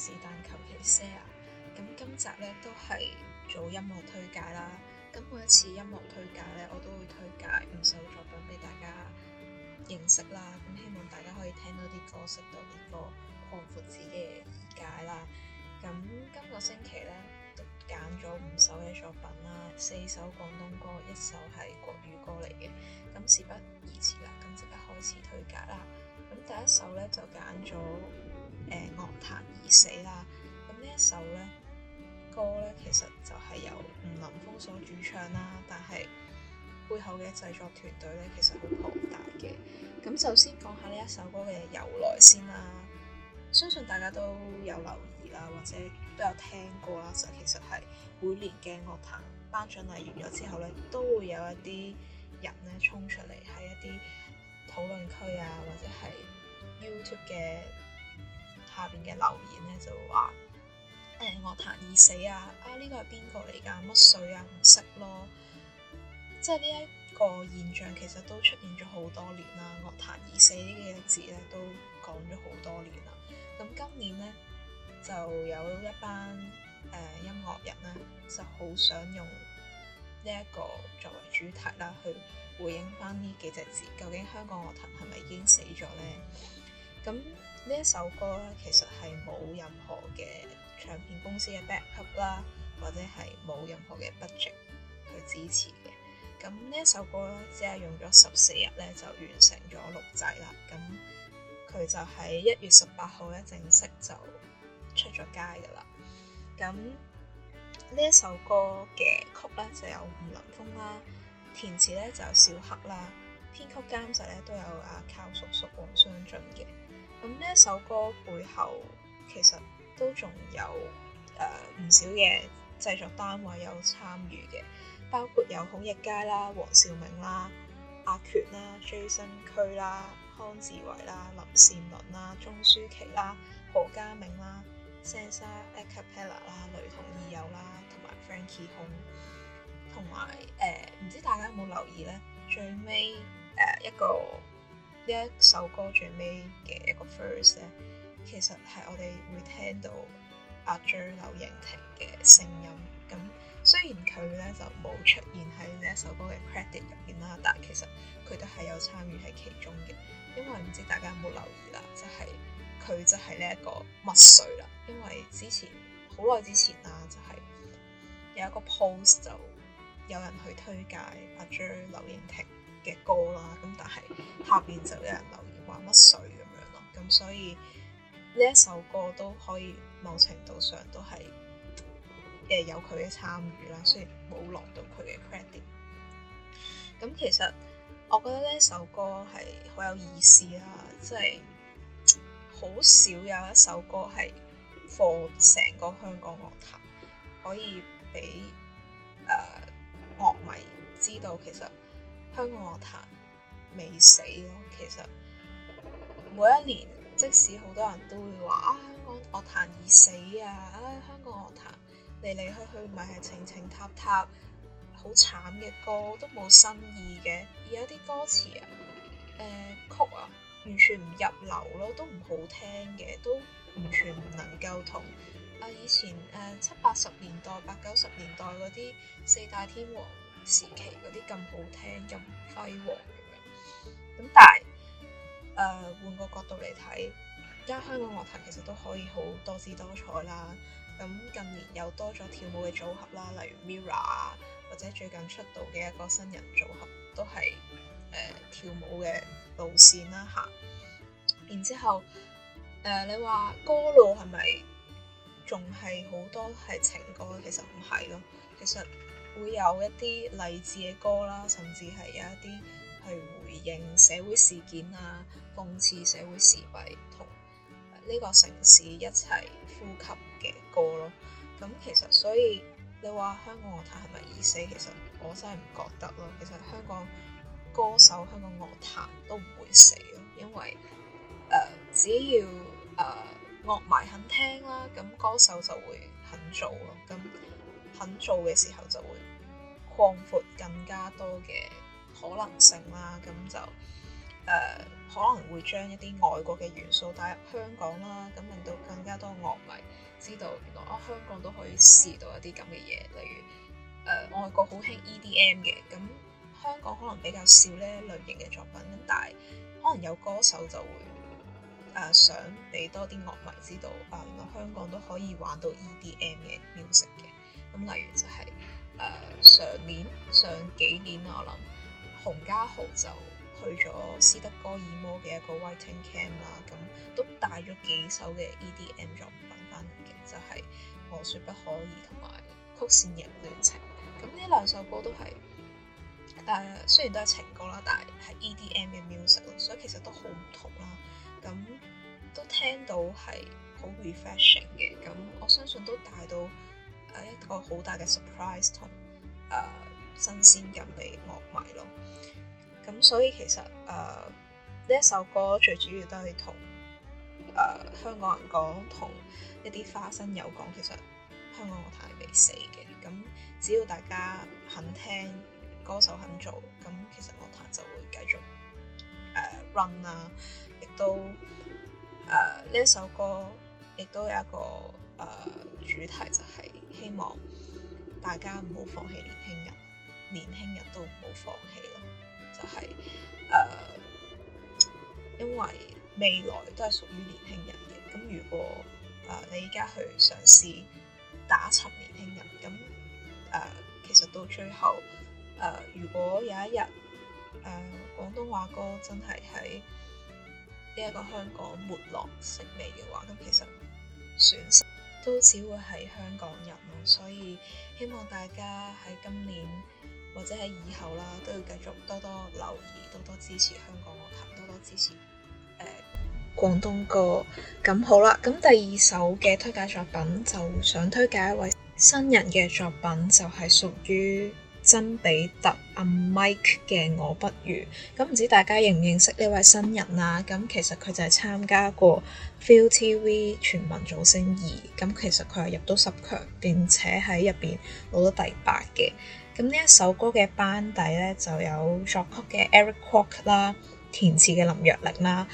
是但求其些牙。a 咁今集咧，都係做音樂推介啦。咁每一次音樂推介咧，我都會推介五首作品俾大家認識啦。咁希望大家可以聽到啲歌，識到呢個擴闊自己嘅眼界啦。咁今個星期咧，都揀咗五首嘅作品啦，四首廣東歌，一首係國語歌嚟嘅。咁事不宜遲啦，咁即刻開始推介啦。咁第一首咧就揀咗。誒、呃、樂壇而死啦！咁呢一首咧歌咧，其實就係由吳林峰所主唱啦，但係背後嘅製作團隊咧，其實好龐大嘅。咁首先講下呢一首歌嘅由來先啦，相信大家都有留意啦，或者都有聽過啦。就其實係每年嘅樂壇頒獎禮完咗之後咧，都會有一啲人咧衝出嚟喺一啲討論區啊，或者係 YouTube 嘅下邊嘅留言咧就話，誒樂壇已死啊！啊呢個係邊個嚟噶？乜水啊唔識咯，即係呢一個現象其實都出現咗好多年啦。樂壇已死呢幾隻字咧都講咗好多年啦。咁今年咧就有一班誒、呃、音樂人咧就好想用呢一個作為主題啦，去回應翻呢幾隻字。究竟香港樂壇係咪已經死咗咧？咁呢一首歌咧，其實係冇任何嘅唱片公司嘅 back up 啦，或者係冇任何嘅 budget 去支持嘅。咁呢一首歌咧，只係用咗十四日咧就完成咗錄製啦。咁佢就喺一月十八號咧正式就出咗街噶啦。咁呢一首歌嘅曲咧就有吳林峰啦，填詞咧就有小黑啦，編曲監製咧都有阿、啊、靠叔叔黃雙俊嘅。咁呢一首歌背後其實都仲有誒唔、呃、少嘅製作單位有參與嘅，包括有孔奕佳啦、黃兆明啦、阿權啦、Jason Kui 啦、康志偉啦、林善倫啦、鐘舒琪啦、何嘉明啦、Senza A Cappella 啦、雷同二友啦，同埋 Frankie Hong。同埋誒，唔知大家有冇留意咧？最尾誒、呃、一個。呢一首歌最尾嘅一個 first 咧，其實係我哋會聽到阿 J 柳盈婷嘅聲音。咁雖然佢咧就冇出現喺呢一首歌嘅 credit 入邊啦，但係其實佢都係有參與喺其中嘅。因為唔知大家有冇留意啦，就係、是、佢就係呢一個乜水啦。因為之前好耐之前啦，就係、是、有一個 post 就有人去推介阿 J 柳盈婷。嘅歌啦，咁但係下邊就有人留言話乜水咁樣咯，咁所以呢一首歌都可以某程度上都係誒有佢嘅參與啦，雖然冇落到佢嘅 credit。咁其實我覺得呢一首歌係好有意思啦，即係好少有一首歌係放成個香港樂壇可以俾誒、呃、樂迷知道其實。香港樂壇未死咯，其實每一年，即使好多人都會話啊，香港樂壇已死啊，啊，香港樂壇嚟嚟去去咪係情情塌塌，好慘嘅歌都冇新意嘅，而家啲歌詞啊、呃，曲啊，完全唔入流咯，都唔好聽嘅，都完全唔能夠同、啊、以前誒七八十年代、八九十年代嗰啲四大天王。時期嗰啲咁好聽、咁輝煌咁樣，咁但係誒、呃、換個角度嚟睇，而家香港樂壇其實都可以好多姿多彩啦。咁、嗯、近年又多咗跳舞嘅組合啦，例如 Mirror，或者最近出道嘅一個新人組合都係誒、呃、跳舞嘅路線啦嚇。然之後誒、呃、你話歌路係咪仲係好多係情歌？其實唔係咯，其實。會有一啲勵志嘅歌啦，甚至係有一啲去回應社會事件啊，諷刺社會時弊、同呢個城市一齊呼吸嘅歌咯。咁其實所以你話香港樂壇係咪已死？其實我真係唔覺得咯。其實香港歌手、香港樂壇都唔會死咯，因為、呃、只要誒、呃、樂迷肯聽啦，咁歌手就會肯做咯。咁肯做嘅時候就會。擴闊更加多嘅可能性啦，咁就誒、呃、可能會將一啲外國嘅元素帶入香港啦，咁令到更加多樂迷知道原來啊香港都可以試到一啲咁嘅嘢，例如誒、呃、外國好興 EDM 嘅，咁香港可能比較少呢類型嘅作品，咁但係可能有歌手就會誒、啊、想俾多啲樂迷知道啊原來香港都可以玩到 EDM 嘅 music 嘅，咁例如就係、是。誒、呃、上年上幾年我諗，洪嘉豪就去咗斯德哥爾摩嘅一個 writing camp 啦、啊，咁、嗯、都帶咗幾首嘅 EDM 作品翻嚟嘅，就係、是《我說不可以》同埋《曲線型戀情》。咁呢兩首歌都係誒、啊，雖然都係情歌啦，但係係 EDM 嘅 music 咯，所以其實都好唔同啦。咁、啊嗯、都聽到係好 refreshing 嘅，咁我相信都帶到。啊，一個好大嘅 surprise 同誒新鮮感俾樂迷咯。咁所以其實誒呢、呃、一首歌最主要都係同誒香港人講，同一啲花生友講，其實香港樂壇係未死嘅。咁只要大家肯聽，歌手肯做，咁其實樂壇就會繼續誒、呃、run 啊，亦都誒呢、呃、一首歌亦都有一個誒、呃、主題就係、是。希望大家唔好放棄年輕人，年輕人都唔好放棄咯。就係、是、誒、呃、因為未來都係屬於年輕人嘅。咁如果誒你依家、呃、去嘗試打沉年輕人，咁誒、呃、其實到最後誒、呃、如果有一日誒廣東話歌真係喺呢一個香港沒落式微嘅話，咁其實損失。都只會係香港人咯，所以希望大家喺今年或者喺以後啦，都要繼續多多留意、多多支持香港樂壇，多多支持誒、呃、廣東歌。咁好啦，咁第二首嘅推介作品就想推介一位新人嘅作品，就係屬於，曾比特阿、啊、Mike 嘅《我不如》，咁唔知大家認唔認識呢位新人啊？咁其實佢就係參加過 ViuTV 全民造星二，咁其實佢係入到十強，並且喺入邊攞到第八嘅。咁呢一首歌嘅班底咧就有作曲嘅 Eric Kwok、ok，啦，填詞嘅林若寧啦，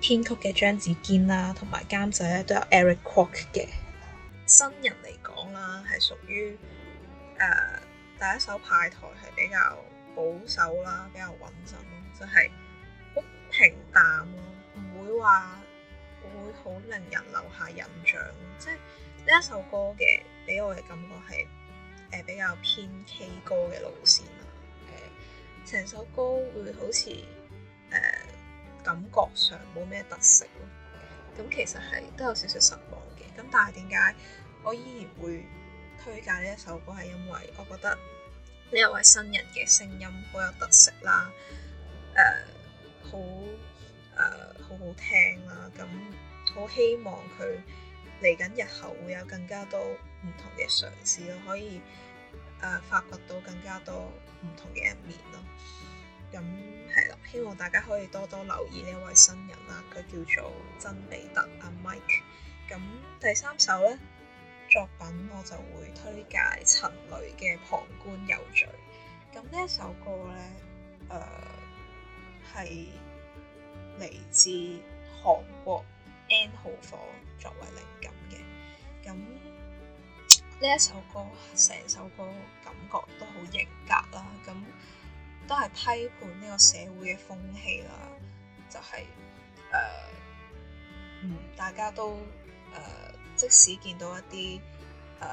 編曲嘅張子堅啦，同埋監製咧都有 Eric Kwok、ok、嘅。新人嚟講啦，係屬於誒。Uh, 第一首派台係比較保守啦，比較穩陣咯，就係、是、好平淡咯，唔會話會好令人留下印象咯。即係呢一首歌嘅俾我嘅感覺係誒、呃、比較偏 K 歌嘅路線，誒、呃、成首歌會好似誒、呃、感覺上冇咩特色咯。咁、呃、其實係都有少少失望嘅，咁但係點解我依然會推介呢一首歌係因為我覺得呢位新人嘅聲音好有特色啦，誒好誒好好聽啦，咁、嗯、好希望佢嚟緊日後會有更加多唔同嘅嘗試咯，可以誒、呃、發掘到更加多唔同嘅一面咯。咁係啦，希望大家可以多多留意呢位新人啦，佢叫做曾比特阿 Mike、嗯。咁、嗯、第三首咧。作品我就會推介陳蕾嘅《旁觀有罪》，咁呢一首歌咧，誒係嚟自韓國 N 號房作為靈感嘅，咁呢一首歌成首歌感覺都好型格啦，咁都係批判呢個社會嘅風氣啦，就係、是、誒、呃，嗯，大家都誒。呃即使見到一啲誒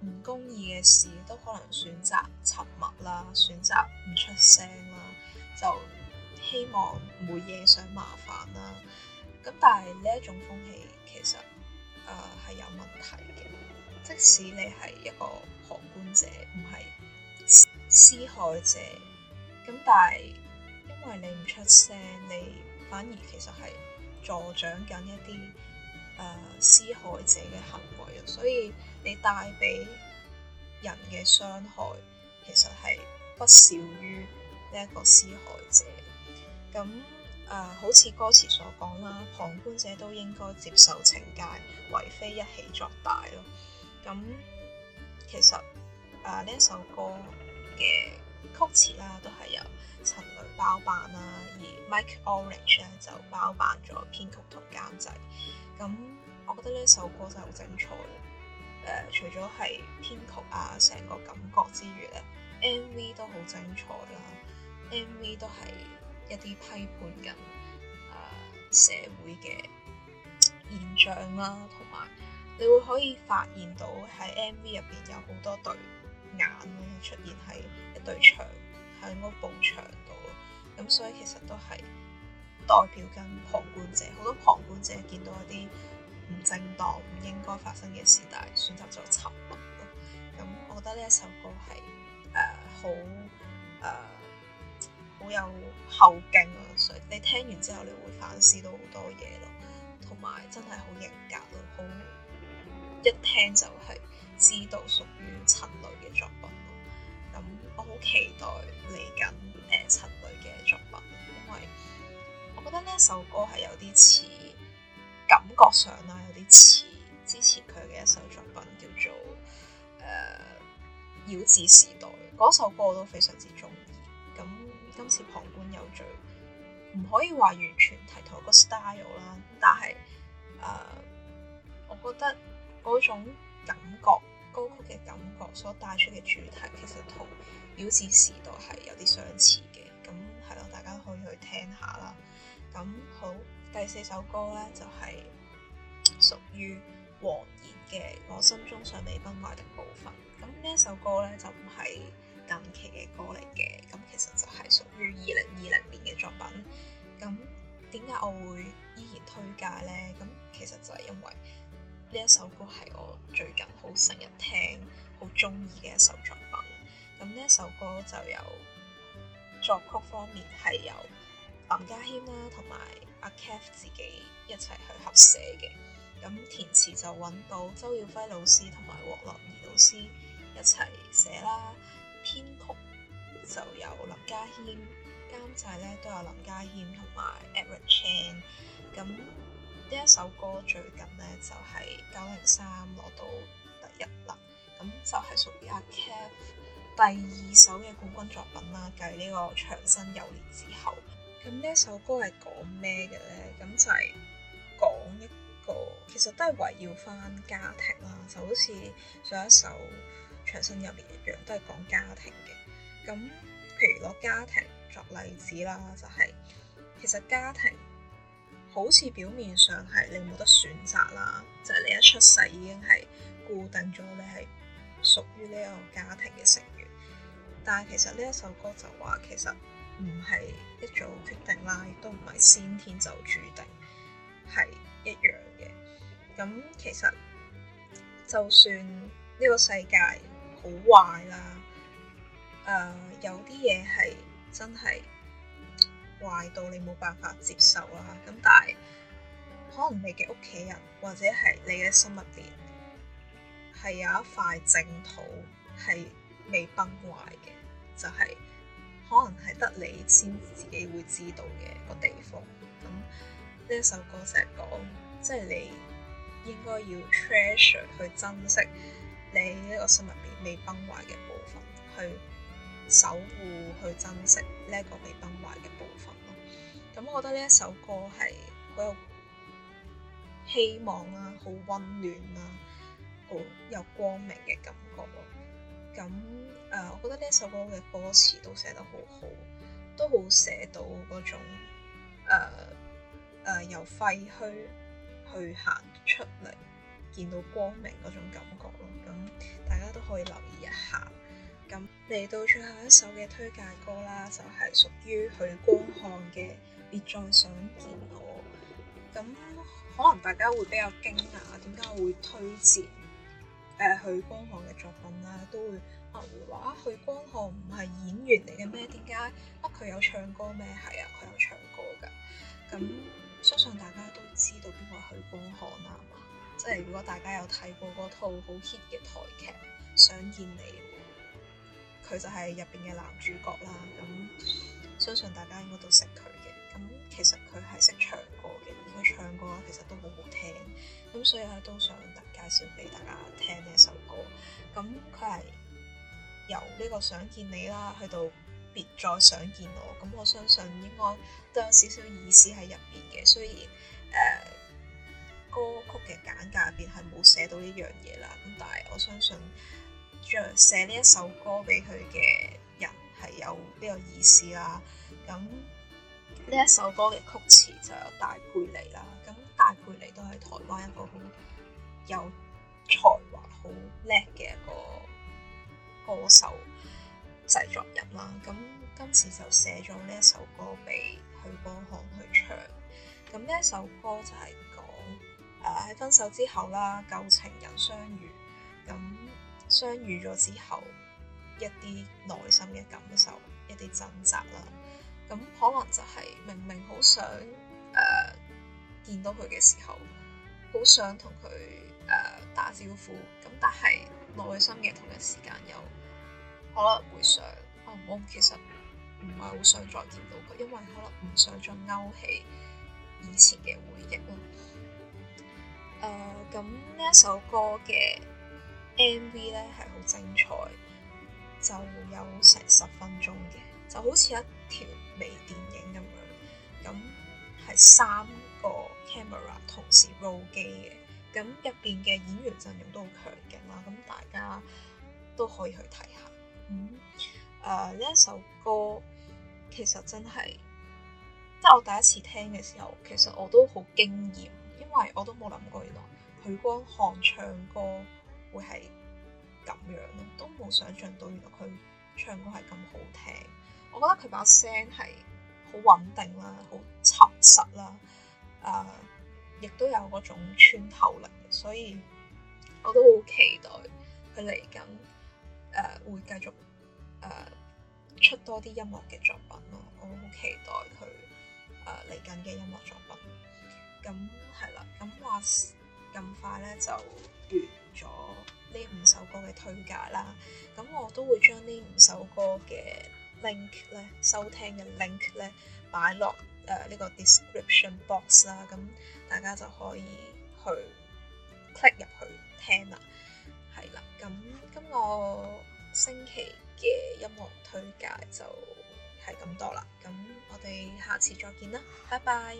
唔公義嘅事，都可能選擇沉默啦，選擇唔出聲啦，就希望唔惹上麻煩啦。咁但係呢一種風氣其實誒係，呃，有問題嘅。即使你係一個旁觀者，唔係施害者，咁但係因為你唔出聲，你反而其實係助長緊一啲。誒施、啊、害者嘅行為咯，所以你帶俾人嘅傷害其實係不少於呢一個施害者。咁誒、啊，好似歌詞所講啦，旁觀者都應該接受懲戒，為非一起作大咯。咁其實誒呢、啊、一首歌嘅曲詞啦，都係由陳蕾包辦啦，而 Mike Orange 咧就包辦咗編曲同監製。咁，我覺得呢首歌真係好精彩誒、呃、除咗係編曲啊，成個感覺之餘咧 ，MV 都好精彩啦。 MV 都係一啲批判緊、呃、社會嘅現象啦，同埋你會可以發現到喺 MV 入邊有好多對眼咧出現喺一對牆喺嗰部牆度咯。咁所以其實都係。代表跟旁觀者，好多旁觀者見到一啲唔正當、唔應該發生嘅事，但係選擇咗沉默咯。咁、嗯、我覺得呢一首歌係誒、呃、好誒、呃、好有後勁啊。所以你聽完之後你會反思到好多嘢咯，同埋真係好型格咯，好一聽就係知道屬於陳蕾嘅作品咯。咁、嗯、我好期待嚟緊誒陳蕾嘅作品，因為。我覺得呢首歌係有啲似，感覺上啦有啲似之前佢嘅一首作品叫做《誒、呃、妖冶時代》嗰首歌我都非常之鍾意。咁今次旁觀有罪，唔可以話完全係同一個 style 啦，但係誒，我覺得嗰種感覺、歌曲嘅感覺所帶出嘅主題，其實同《妖冶時代》係有啲相似嘅。咁係咯，大家可以去聽下啦。咁好，第四首歌咧，就係、是、屬於黃妍嘅《我心中尚未崩壞的部分》。咁呢一首歌咧，就唔係近期嘅歌嚟嘅，咁其實就係屬於二零二零年嘅作品。咁點解我會依然推介呢？咁其實就係因為呢一首歌係我最近好成日聽、好中意嘅一首作品。咁呢一首歌就有。作曲方面係由林家謙啦同埋阿 Kev 自己一齊去合寫嘅，咁填詞就揾到周耀輝老師同埋王樂儀老師一齊寫啦，編曲就有林家謙，監製咧，都有林家謙同埋 Eric Chan，咁呢一首歌最近咧就係九零三攞到第一啦，咁就係屬於阿 Kev，第二首嘅冠軍作品啦，繼呢個《長生有年》之後，咁呢一首歌係講咩嘅咧？咁就係講一個，其實都係圍繞翻家庭啦，就好似上一首《長生有年》一樣，都係講家庭嘅。咁譬如攞家庭作例子啦，就係其實家庭好似表面上係你冇得選擇啦，就係你一出世已經係固定咗你係屬於呢個家庭嘅成。但係其實呢一首歌就話其實唔係一早決定啦，亦都唔係先天就注定係一樣嘅。咁其實就算呢個世界好壞啦，誒、呃、有啲嘢係真係壞到你冇辦法接受啦。咁但係可能你嘅屋企人或者係你嘅心入邊係有一塊淨土係。未崩壞嘅，就係、是、可能係得你先自己會知道嘅個地方。咁呢一首歌成日講，即、就、係、是、你應該要 treasure 去珍惜你呢個心入面未崩壞嘅部分，去守護去珍惜呢一個未崩壞嘅部分咯。咁我覺得呢一首歌係好有希望啊、好溫暖啊、好有光明嘅感覺咯。咁誒、呃，我覺得呢一首歌嘅歌詞都寫得好好，都好寫到嗰種誒、呃呃、由廢墟去行出嚟，見到光明嗰種感覺咯。咁大家都可以留意一下。咁嚟到最後一首嘅推介歌啦，就係、是、屬於許光漢嘅《別再想見我》。咁可能大家會比較驚訝，點解我會推薦？誒，許光漢嘅作品啦，都會例如話，啊、許光漢唔係演員嚟嘅咩？點解啊？佢有唱歌咩？係啊，佢有唱歌㗎。咁相信大家都知道邊個係許光漢啊嘛？即係如果大家有睇過嗰套好 hit 嘅台劇《想見你》，佢就係入邊嘅男主角啦。咁。相信大家應該都識佢嘅，咁其實佢係識唱歌嘅，而佢唱歌其實都好好聽，咁所以我都想介紹俾大家聽呢一首歌。咁佢係由呢個想見你啦，去到別再想見我，咁我相信應該都有少少意思喺入邊嘅。雖然誒、呃、歌曲嘅簡介入邊係冇寫到呢樣嘢啦，咁但係我相信寫寫呢一首歌俾佢嘅。係有呢個意思啦、啊，咁呢一首歌嘅曲詞就有戴佩妮啦，咁戴佩妮都係台灣一個好有才華好叻嘅一個歌手製作人啦、啊，咁今次就寫咗呢一首歌俾佢幫佢去唱，咁呢一首歌就係講誒喺分手之後啦，舊情人相遇，咁相遇咗之後。一啲內心嘅感受，一啲掙扎啦。咁可能就係明明好想誒、呃、見到佢嘅時候，好想同佢誒打招呼。咁但係內心嘅同一時間又可能會想啊，我其實唔係好想再見到佢，因為可能唔想再勾起以前嘅回憶咯。誒咁呢一首歌嘅 MV 咧係好精彩。就會有成十分鐘嘅，就好似一條微電影咁樣，咁係三個 camera 同時 roll 機嘅，咁入邊嘅演員陣容都好強勁啦，咁大家都可以去睇下。嗯，呢、uh，一首歌其實真係，即係我第一次聽嘅時候，其實我都好驚豔，因為我都冇諗過原來許光漢唱歌會係。咁樣咯，都冇想象到原來佢唱歌係咁好聽。我覺得佢把聲係好穩定啦，好沉實啦，誒、呃，亦都有嗰種穿透力，所以我都好期待佢嚟緊誒會繼續誒、呃、出多啲音樂嘅作品咯。我好期待佢誒嚟緊嘅音樂作品。咁係啦，咁話咁快咧就完咗。呢五首歌嘅推介啦，咁我都會將呢五首歌嘅 link 咧，收聽嘅 link 咧擺落誒呢個 description box 啦，咁大家就可以去 click 入去聽啦，係啦，咁今個星期嘅音樂推介就係咁多啦，咁我哋下次再見啦，拜拜。